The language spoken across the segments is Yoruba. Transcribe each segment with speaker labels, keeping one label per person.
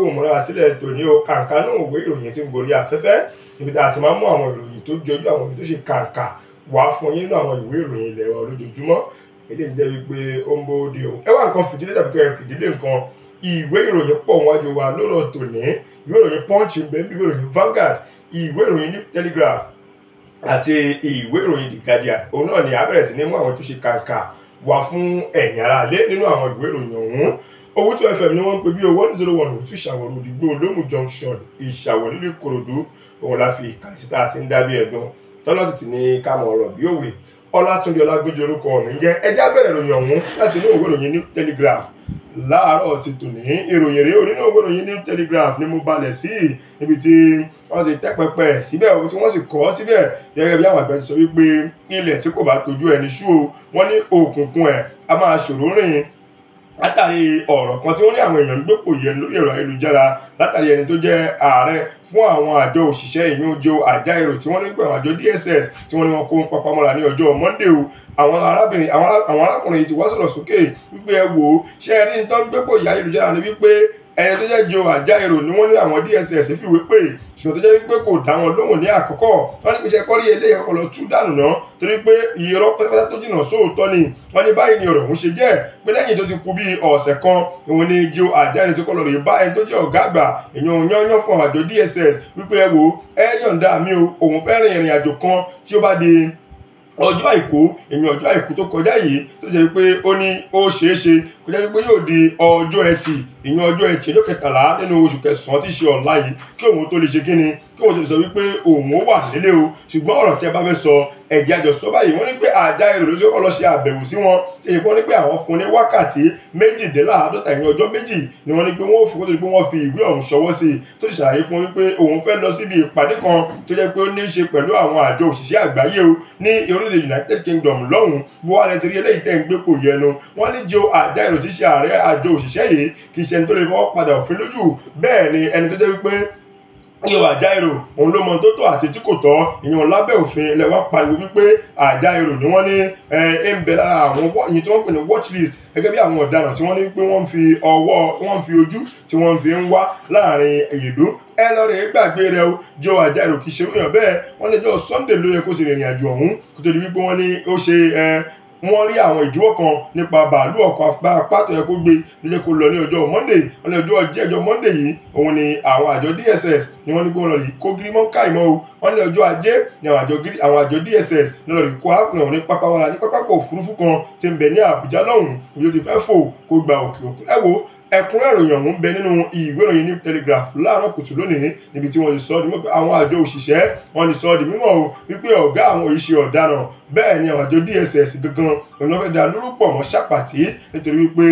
Speaker 1: kó múra sílẹ̀ tòní o kàǹkà náà òwe ìròyìn tí ń gorí afẹ́fẹ́ níbi tá a ti máa ń mú àwọn ìròyìn tó jọjú àwọn ìròyìn tó ṣe kàǹkà wá fún yín nínú àwọn ìwé ìròyìn ilẹ̀ wa lójoojúmọ́ eléyìí jẹ́ wípé ó ń bóde o ẹ wá nǹkan fìdílé tàbí kẹ́ ẹ fìdílé nǹkan ìwé ìròyìn pọ̀ wájú wa lọ́rọ̀ tòní ìwé ìròyìn punch ń bẹ ìwé ìròyìn Vanguard ìwé ìròyìn New Telegraph àti ìwé ìròyìn The Guardian òun náà ni a sí ní mú àwọn tó ṣe kàǹkà wá fún ẹ̀yin aráalé nínú àwọn ìwé ìròyìn ọ̀hún owótú fm ni wọ́n ń pè bí one zero one owótú ìṣàwọ̀rọ̀ òdìgbò olómù junction ìṣàwọ̀ nílùú ìkòròdú òun la fi ìkàlẹ̀ síta àti ń dábí ẹ̀dùn tọ́lá sì ti ní kámọ̀ ọ̀rọ̀ bí òwe ọlátúndé ọlágbèjì orúkọ mi ń jẹ́ ẹjẹ́ abẹ́rẹ́ ìròyìn ọ̀hún láti inú òwe ìròyìn new telegraph láàárọ̀ ti tòní ìròyìn rèé onínú òwe ìròyìn new telegraph ni mo balẹ̀ sí níbi tí wọ́n ti tẹ́ pẹpẹ síbẹ̀ tí wọ́n sì kọ́ síbẹ̀ gẹ́gẹ́ bí àwọn àgbẹ̀ sọ wípé ilẹ̀ tí kò bá tójú ẹni ṣú o wọ́n ní òkùnkùn ẹ̀ a máa ṣòro rìn látàrí ọ̀rọ̀ kan tí wọ́n ní àwọn èèyàn ń gbépò yẹn lórí ẹ̀rọ ayélujára látàrí ẹni tó jẹ́ ààrẹ fún àwọn àjọ òṣìṣẹ́ ìyúnjó àjáèrò tí wọ́n ní pẹ̀lú àjọ DSS tí wọ́n ní wọn kó ń papọ̀ ní ọjọ́ Monday o àwọn arábìnrin àwọn arákùnrin ti wá sọ̀rọ̀ sókè wípé ẹ wò ó ṣe é tó ń gbépò yá ayélujára ni wípé ẹni tó jẹ́ Joe Ajaero ni wọ́n ní àwọn DSS fìwé pé ṣùgbọ́n tó jẹ́ wípé kò dá wọn lóhùn ní àkọ́kọ́ wọ́n ní pèsè kọ́rí eléyìí kọ́kọ́ lọ tú dànù náà torí pé irọ́ pátápátá tó jìnnà sóòótọ́ ni wọ́n ní báyìí ni ọ̀rọ̀ òun ṣe jẹ́ pé lẹ́yìn tó ti kú bí ọ̀sẹ̀ kan òun ni Joe Ajaero ti kọ́ lọ rèé bá tó jẹ́ ọ̀gá àgbà èèyàn mi o òun fẹ́ rin ìrìn àjò kan tí ó bá di ọjọ́ àìkú èèyàn ọjọ́ àìkú tó kọjá yìí tó ṣe pé ó ní ó ṣeé tó jẹ́ pé yóò di ọjọ́ ẹtì ìyẹn ọjọ́ ẹtì ọjọ́ kẹtàlá nínú oṣù kẹsàn-án tí ṣe ọ̀la yìí kí òun tó lè ṣe kíni kí òun tó lè sọ wípé òun ó wà nílé o ṣùgbọ́n ọ̀rọ̀ tẹ́ bá fẹ́ sọ ẹ̀jẹ̀ àjọsọ báyìí wọ́n ní pé àjà èrò ló ṣe kọ́ lọ ṣe àbẹ̀wò sí wọn èyí wọ́n ní pé àwọn fún ní wákàtí méjìdínláàádọ́ta ìyẹn ọjọ́ méjì ni wọ́n ní pé wọ́n fòkó tó di pé wọ́n fi ìwé ọ̀hún ṣọwọ́ sí i tó ṣàlàyé fún wípé òun fẹ́ lọ síbi ìpàdé kan tó jẹ́ pé ó ní í ṣe pẹ̀lú àwọn àjọ òṣìṣẹ́ àgbáyé o ní orílẹ̀ United Kingdom lọ́hùn-ún bó wà lẹ́sìn rí eléyìí tẹ̀ ń gbé kò yẹnu wọ́n ní jo àjà èrò tí í ṣe ààrẹ àjọ òṣìṣẹ́ yìí kì í ṣe ẹni tó lè fọwọ́ padà òfin lójú bẹ́ẹ̀ ni ẹni tó jẹ́ wípé ìwà àjáìrò òun ló mọ tó tọ́ àti tí kò tọ́ ìyẹn lábẹ́ òfin ilẹ̀ wa pariwo wípé àjáìrò ni wọ́n ní ẹ ń bẹ lára àwọn ìyẹn tí wọ́n pè ní watch list gẹ́gẹ́ bí àwọn ọ̀daràn tí wọ́n ní pé wọ́n fi ọwọ́ wọ́n fi ojú tí wọ́n fi ń wá láàrin ìlú ẹ lọ rẹ gbàgbé rẹ o jọ àjáìrò kì í ṣe wíyàn bẹ́ẹ̀ wọ́n lè jọ Sunday ló yẹ kó ṣe ìrìn àjò ọ̀hún kó tó di wípé wọ́n ní ó ṣe wọ́n rí àwọn ìdíwọ́ kan nípa bàálù ọkọ̀ apá tó yẹ kó gbé ló jẹ́ kó lọ ní ọjọ́ monday wọ́n ní ọjọ́ ọjẹ́ ọjọ́ monday yìí òun ni àwọn àjọ dss ni wọ́n ní kó lọ rí kó gírí mọ́ káì mọ́ o wọ́n ní ọjọ́ ajé ni àwọn àjọ dss ní lọ rí kó arákùnrin ọ̀hún ní pápá wọn ní pápákọ̀ òfurufú kan tí ń bẹ ní àbújá lọ́hùn-ún ibi tó ti fẹ́ fò kó gba òkè òkun ẹ̀ ẹ̀kúnrẹ́ ìròyìn ọ̀hún bẹ nínú ìwé ìròyìn New Telegraph láàárọ̀ kùtù lónìí níbi tí wọ́n ti sọ ọ́ di mímọ̀ pé àwọn àjọ òṣìṣẹ́ wọ́n ti sọ ọ́ di mímọ̀ o wípé ọ̀gá àwọn òṣìṣẹ́ ọ̀daràn bẹ́ẹ̀ ni àwọn àjọ DSS gangan òun ló fẹ́ da lórúkọ mọ́ ṣàpàtì nítorí wípé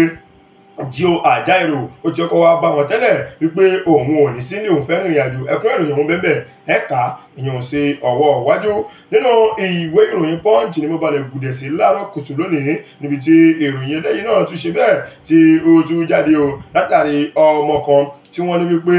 Speaker 1: Gio Ajaero ó ti kọ́kọ́ wá bá wọn tẹ́lẹ̀ wípé òun ò ní sí ní òun fẹ́ràn ìrìn àjò ẹ̀kún ìròyìn òun bẹ́ẹ̀ bẹ́ẹ̀ ẹ̀ka ìyọ̀n ṣe ọ̀wọ́ wájú nínú ìwé ìròyìn punch ni mo balẹ̀ gùdẹ̀ sí láàárọ̀ kùtù lónìí níbi tí ìròyìn eléyìí náà tún ṣe bẹ́ẹ̀ tí ó tún jáde o látàrí ọmọ kan tí wọ́n ní wípé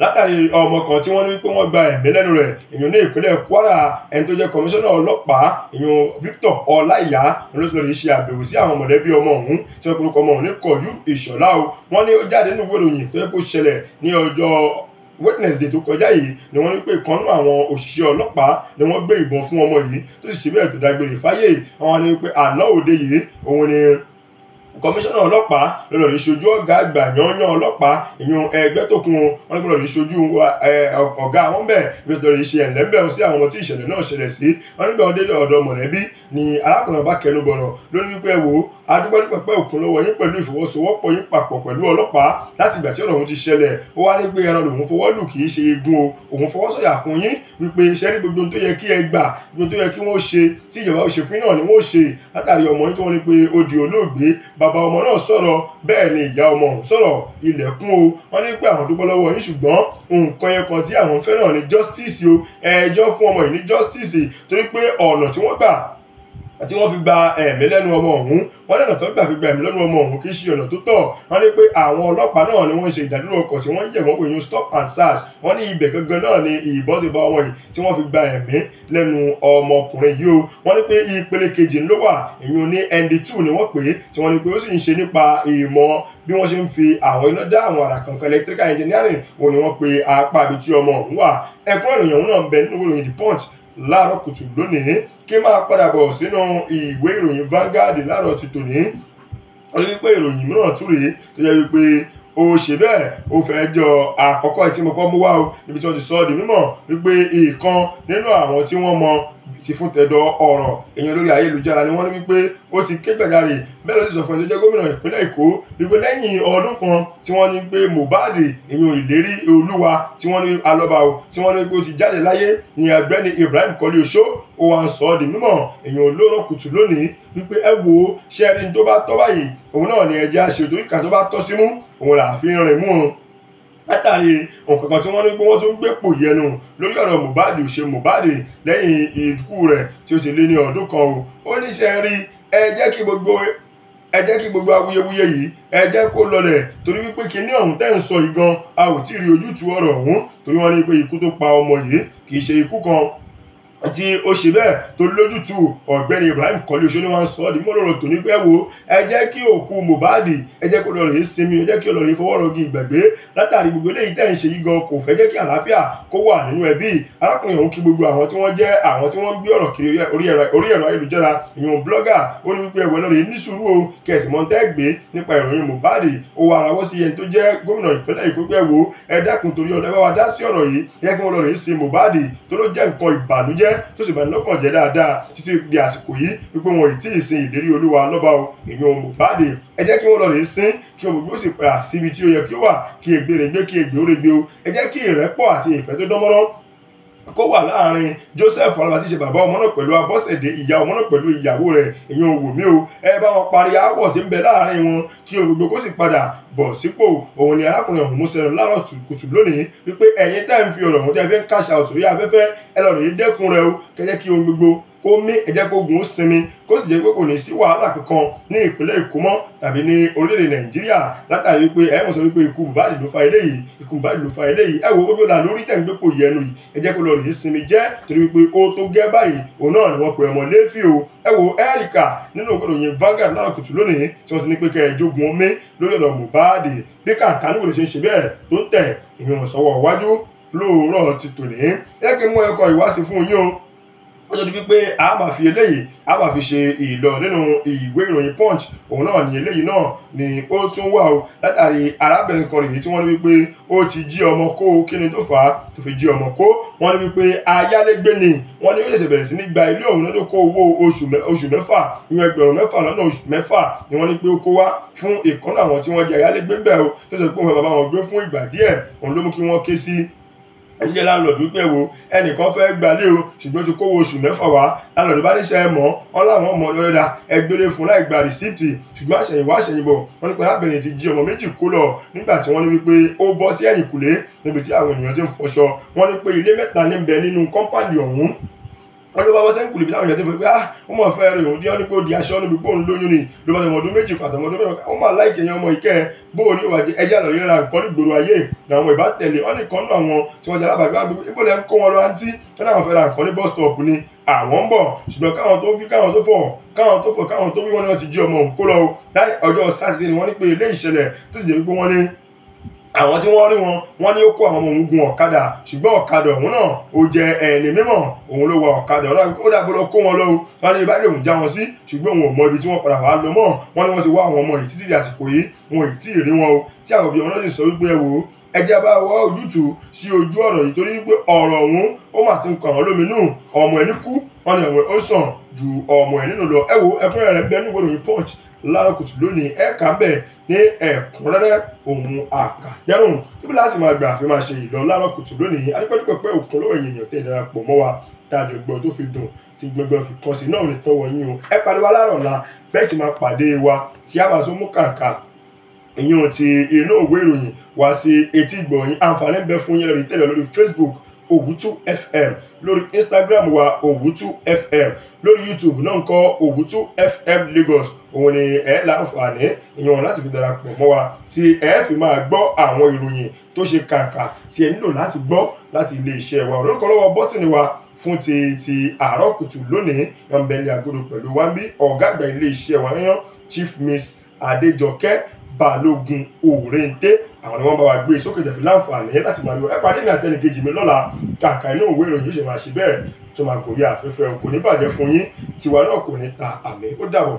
Speaker 1: látàrí ọmọ kan tí wọ́n ní wípé wọ́n gba ẹ̀mí lẹ́nu rẹ̀ èèyàn ní ìpínlẹ̀ Kwara ẹni tó jẹ́ kọmíṣánná ọlọ́pàá èèyàn Victor Ọláìyá olóṣèlú ṣe àbẹ̀wò sí àwọn mọ̀lẹ́bí ọmọ ọ̀hún tí wọ́n porúkọ ọmọ ọ̀hún ní Kọ̀yú Ìṣọ̀lá o wọ́n ní ó jáde nínú ìwé ìròyìn tó yẹ kó ṣẹlẹ̀ ní ọjọ́ Wednesday tó kọjá yìí ni wọ́n ní pé ìkan nú àwọn òṣìṣẹ́ ọlọ́pàá ni wọ́n gbé ìbọn fún ọmọ yìí tó sì ṣe bẹ́ẹ̀ tó dágbére fáyé àwọn ni pé àná òde yìí òun ni kọmíṣánná ọlọ́pàá lọ́dọ̀ rí ṣojú ọ̀gá àgbà yanyan ọlọ́pàá ìyún ẹgbẹ́ tó kún wọn ní gbọ́dọ̀ rí ṣojú ọ̀gá àwọn bẹ́ẹ̀ gbọ́dọ̀ rí ṣe ẹ̀lẹ́ bẹ́ẹ̀ sí àwọn tí ìṣẹ̀lẹ̀ náà ṣẹlẹ̀ sí wọn nígbà wọn dé ọ̀dọ̀ mọ̀lẹ́bí ni arákùnrin bá kẹnu bọ̀rọ̀ lórí wípé wo adúgbòdúgbòpẹ́ òkun lọ́wọ́ yín pẹ̀lú ìfọwọ́sowọ́pọ̀ yín papọ̀ pẹ̀lú ọlọ́pàá láti ìgbà tí ọ̀rọ̀ òun ti ṣẹlẹ̀ ó wá rí pé ẹran lòun fọwọ́ lù kì í ṣe egun o òun fọwọ́ sọ̀yà fún yín wípé iṣẹ́ rí gbogbo tó yẹ kí ẹ gbà gbogbo tó yẹ kí wọ́n ṣe tí ìjọba ò ṣe fún náà ni wọ́n ṣe látàrí ọmọ yín tí wọ́n rí pé ó di olóògbé bàbá ọmọ náà sọ̀rọ̀ bẹ́ẹ̀ ni ìyá ọmọ ọ̀hún sọ̀rọ̀ ilẹ̀kùn o wọ́n ní pé àwọn dúpẹ́ lọ́wọ́ yín ṣùgbọ́n nǹkan yẹn kan tí àwọn fẹ́ràn ni justice o ẹjọ́ fún ọmọ yìí ní justice torí pé ọ̀nà tí wọ́n gbà àti wọ́n fi gba ẹ̀mí lẹ́nu ọmọ ọ̀hún wọ́n lẹ́nà tó gbà fi gba ẹ̀mí lẹ́nu ọmọ ọ̀hún kì í ṣe ọ̀nà tó tọ́ wọ́n ní pé àwọn ọlọ́pàá náà ni wọ́n ṣe ìdádúró ọkọ̀ tí wọ́n yẹ̀ wọ́n pè yín stop and search wọ́n ní ibẹ̀ gangan náà ni ìbọn ti bá ọmọ yìí tí wọ́n fi gba ẹ̀mí lẹ́nu ọmọkùnrin yìí o wọ́n ní pé ìpele kejì ló wà èyí ní ND2 ni wọ́n pè é tí wọ́n ní pé ó sì ń ṣe nípa ìmọ̀ bí wọ́n ṣe ń fi àwọn iná dá àwọn àrà kankan electrical engineering òun ni wọ́n pe apá àbí tí ọmọ òun wà ẹ̀kúnrẹ́ròyìn òun náà bẹ nínú ìròyìn the punch láàárọ̀ kùtù lónìí kí máa padà bọ̀ sínú ìwé ìròyìn Vanguard láàárọ̀ ti tòní wọ́n ní pé ìròyìn mìíràn tún rèé tó jẹ́ wípé ó ṣe bẹ́ẹ̀ ó fẹ́ jọ àkọ́kọ́ tí mo kọ́ mú wá o níbi tí wọ́n ti sọ ọ́ di mímọ̀ wípé ìkan nínú àwọn tí wọ́n mọ sí fún tẹ̀dọ̀ ọ̀rọ̀ èèyàn lórí ayélujára ni wọ́n ní wípé ó ti ké gbàjarè bẹ́ẹ̀ ló sì sọ fún ẹni tó jẹ́ gómìnà ìpínlẹ̀ èkó wípé lẹ́yìn ọdún kan tí wọ́n ní pé mohbad èèyàn ìlérí olúwa tí wọ́n ní alọ́ba o tí wọ́n ní pé ó ti jáde láyé ní ọ̀gbẹ́ni ibrahim kọ́lé oṣó ó wà ń sọ ọ́ di mímọ̀ èèyàn olóró kùtù lónìí wípé ẹ wo ṣẹ́ẹ́rin tó bá tọ́ báyìí òun náà ni ẹ̀jẹ̀ àṣetò ìkà tó bá tọ́ símú òun là látàrí nǹkan kan tí wọ́n ní pé wọ́n tún ń gbé pò yẹnu lórí ọ̀rọ̀ Mohbad ṣe Mohbad lẹ́yìn ìdúkú rẹ̀ tí ó sì lé ní ọdún kan o ó ní ṣe rí ẹ jẹ́ kí gbogbo ẹ jẹ́ kí gbogbo awuyewuye yìí ẹ jẹ́ kó lọlẹ̀ torí wípé kinní ọ̀hún tẹ́ ń sọ yìí gan a ò tí ì rí ojútùú ọ̀rọ̀ ọ̀hún torí wọ́n ní pé ikú tó pa ọmọ yìí kì í ṣe ikú kan tí ó ṣe bẹ́ẹ̀ tó lójútu ọ̀gbẹ́ni Ibrahim kọ́lé oṣooṣù máa ń sọ ọ́ di mọ́lọ́rọ̀ tòní pé wo ẹ jẹ́ kí òkú Mohbad ẹ jẹ́ kó lọ́ọ́ rèé sinmi ẹ jẹ́ kí ọlọ́rin fọwọ́rọ́gì ìgbàgbé látàrí gbogbo eléyìí tẹ̀ ń ṣe yí gan kò fẹ́ jẹ́ kí àlàáfíà kó wà nínú ẹbí arákùnrin òun kí gbogbo àwọn tí wọ́n jẹ́ àwọn tí wọ́n ń gbé ọ̀rọ̀ kiri orí ẹ̀rọ ayélujára ìyọ̀n blọ́gà ó ní wípé ẹ̀wẹ̀ lọ́ọ̀rẹ́ ní sùúrù o kẹ̀sì mọ́ tẹ́ gbé nípa ìròyìn Mohbad ó wà ara wọ́n sí ẹni tó jẹ́ gómìnà ìpínlẹ̀ Èkó pé wo ẹ dákun torí ọ̀dọ́ ẹ bá dá sí ọ̀rọ̀ yìí ẹ kí wọ́n lọ́ọ̀rẹ́ sí Mohbad tó ló jẹ́ nǹkan ìbànújẹ́ pẹ́ tó sì bani lọ́kàn jẹ́ dáadáa títí di àsìkò yìí wípé wọn ì tí ì sin ìdérí olúwa lọ́ba o èèyàn Mohbad ẹ jẹ́ kí wọ́n lọ rè sín kí ọmọ gbé sì pa síbi tí ó yẹ kí ó wà kí ègbé rẹ̀ gbé kí ègbé ó rẹ̀ gbé o ẹ jẹ́ kí ìrẹ́pọ̀ àti ìfẹ́ tó dánmọ́rán kó wà láàrin Joseph Alábá ṣe bàbá ọmọ náà pẹ̀lú Abọ́sẹ̀dé ìyá ọmọ náà pẹ̀lú ìyàwó rẹ̀ èèyàn òwò mi o ẹ bá wọn parí aáwọ̀ tí ń bẹ láàrin wọn kí gbogbo kó sì padà bọ̀ sípò òun ni arákùnrin ọ̀hún mú sẹ́nu kùtù lónìí wípé ẹ̀yin tẹ́ ń fi ọ̀rọ̀ ọ̀hún tẹ́ fi ń káṣà òtòrí afẹ́fẹ́ ẹ lọ́ọ̀rọ̀ yìí dẹ́kun rẹ o kẹ́jẹ́ kí ohun gbogbo kó mí ẹ jẹ́ kó gùn ó sinmi kó sì jẹ́ pé kò ní sí wàhálà kankan ní ìpínlẹ̀ Èkó mọ́ tàbí ní orílẹ̀-èdè Nàìjíríà látàrí wípé ẹ mọ̀ sọ wípé ikú Mohbad ló fa eléyìí ikú Mohbad ló fa eléyìí ẹ wo gbogbo là lórí tẹ̀gbẹ́ kò yẹnu yìí ẹ jẹ́ kó lọ rèé sinmi jẹ́ torí wípé ó tó gẹ́ báyìí òun náà ni wọ́n pè ọmọ léfì o ẹ wo Erika nínú òkòròyìn Vanguard láwọn kùtù lónìí tí wọ́n ti ní pé kẹ́ ẹ jogun omi lórí ọ̀dọ̀ Mohbad bí kàǹkà níwòlè ṣe ń ṣe bẹ́ẹ̀ tó nítorí wípé a máa fi eléyìí a máa fi ṣe ìlọ nínú ìwé ìròyìn punch òun náà ni eléyìí náà ni ó tún wà o látàrí arábìnrin kan rèé tí wọ́n ní wípé ó ti jí ọmọ kó kí ni tó fà á tó fi jí ọmọ kó wọ́n ní wípé ayálégbé ni wọ́n ní yóò ṣe bẹ̀rẹ̀ sí ní gba ilé òun lọ́dún kó owó oṣù mẹ́fà ní ẹgbẹ̀rún mẹ́fà lọ́nà oṣù mẹ́fà ni wọ́n ní pé ó kó wá fún ìkànnì àwọn tí wọ́n jẹ́ ayálégbé ń bẹ̀ o tó sọ pé òun bàbá wọn gbé fún ìgbà díẹ̀ òun ló mú kí wọ́n ké sí ìyẹn láńlọ́ọ̀dù pé wo ẹnìkan fẹ́ gbalé o ṣùgbọ́n ti kówó oṣù mẹ́fà wá láńlọ́ọ̀dù bá níṣẹ́ mọ́ ọ́n láwọn ọmọ ọ̀dọ́ dáadáa ẹgbẹ́lẹ́ fún láì gba rìsíìtì ṣùgbọ́n àṣẹyìnwá àṣẹyìnbọ̀ wọn nípa arábìnrin ti jí ọmọ méjì kó lọ nígbà tí wọ́n ní wípé ó bọ́ sí ẹ̀yìnkùlé níbi tí àwọn ènìyàn ti ń fọṣọ wọ́n ní pé ilé mẹ́ta ní bẹ nínú kọ́ńpáàdì ọ̀hún wọn ló bá wọ́n sẹ́ńkù lèbi táwọn èèyàn ti fẹ́ pé ah wọ́n mọ̀ rẹ̀ òun díẹ̀ nípò di aṣọ níbi pòun lóyún ni ló bá tọmọdún méjì pàtọmọdún mẹ́rin wọ́n máa láìkì ẹ̀yàn ọmọ ìkẹ́ bóò ní ìwà ẹja lọ yẹra nǹkan ní gbòòrò ayé làwọn ìbá tẹ̀lé wọn nìkan nú àwọn tí wọ́n jẹ́ alábàgbé àgbègbè ibo lẹ́ ń kó wọn lọ àǹtí wọn náà fẹ́ ra nǹkan ní bus stop ni àwọn ń bọ̀ ṣùgbọ́n káwọn tó fi wọ́n ti jí wọ́n ní pé ilé àwọn tí wọ́n rí wọn wọ́n ní ó kó àwọn ọmọ òun gun ọ̀kadà ṣùgbọ́n ọ̀kadà ọ̀hún náà ó jẹ ẹni mímọ̀ òun ló wa ọ̀kadà ọ̀hún ó dàgbọ́ lọ kó wọn lọ́wọ́ wọn ní ìbáraẹ̀ òun já wọn sí ṣùgbọ́n òun ò mọ ibi tí wọ́n padà wà lọ mọ́ wọn ni wọ́n ti wá àwọn ọmọ yìí títí di àsìkò yìí wọn ò tí ì rí wọn o tí àwọn òbí wọn náà sì sọ wípé ẹ wò ó ẹjẹ́ bá wọ ojútùú sí ojú ọ̀rọ̀ yìí torí wípé ọ̀rọ̀ ọ̀hún ó mà ti ń kàn án lóminú ọmọ ẹni kú wọn ni ẹ̀wọ̀n ó sàn ju ọmọ ẹ̀ nínú lọ ẹ wo ẹkúnrẹ́ rẹ̀ bẹ́ẹ̀ nígbòdò yìí punch lára kùtù lónìí ẹ̀ka bẹ́ẹ̀ ní ẹ̀kúnrẹ́rẹ́ ohun àkàjẹ́rùn níbi láti máa gbà fi máa ṣe ìlọ lára kùtù lónìí adúpẹ́dúpẹ́ pé òkun lọ́wọ́ èèyàn tẹ̀ darapọ̀ mọ́ wa tájọ gbọ́ tó fi dùn ti gbẹgbẹ́ fi kọ́ sí náà ní tọwọ́ o ẹ pàdé wa láàrọ̀ la bẹ́ẹ̀ ti máa pàdé wa tí a bá tún mú kàǹkà ìyẹn ti inú òwe ìròyìn wá sí etí ìgbọ̀nyìn àǹfààní ń bẹ fún yẹn lórí tẹ̀lé lórí Facebook Òwútú FM lórí Instagram wa Òwútú FM lórí YouTube náà ń kọ Òwútú FM Lagos òun ni ẹ láǹfààní ìyẹn láti fi darapọ̀ mọ́ wa tí ẹ fi máa gbọ́ àwọn ìròyìn tó ṣe kàǹkà tí ẹ nílò láti gbọ́ láti ilé iṣẹ́ wa orúkọ lọ́wọ́ bọ́tìnì wa fún ti ti àárọ̀ kùtù lónìí yan bẹ̀lẹ̀ àgọ́dọ̀ pẹ̀lú wa ń bí ọ̀gá àgbà ilé iṣẹ́ wa yan Chief Miss Adejoke balógun òrèǹdé àwọn ni wọ́n bá wa gbé sókè tẹ̀fí láǹfààní láti máa lo ẹ pàdé ní àtẹnì kejì mi lọ́la kàkà inú òwe ìròyìn yóò ṣe tó máa gòrí afẹ́fẹ́ kò ní bàjẹ́ fún yín tiwa náà kò ní ta àmì ó dàbọ̀.